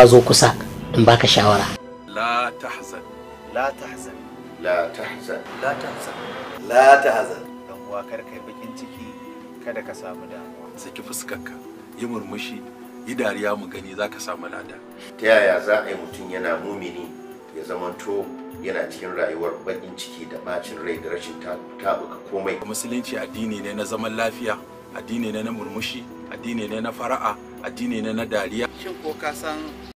ka zo kusa in baka shawara la tahzan la tahzan la tahzan la tahzan la tahzan dan uwa kar kai bakin ciki kada ka samu damuwa saki fuskarka yi murmushi yi dariya mu gani zaka samu lada ta yaya za a yi mutum yana mumini ya zamanto yana cikin rayuwar bakin ciki da bacin rai da rashin tabuka komai musulunci addini ne na zaman lafiya addini ne na murmushi addini ne na fara'a addini ne na dariya shin ko ka san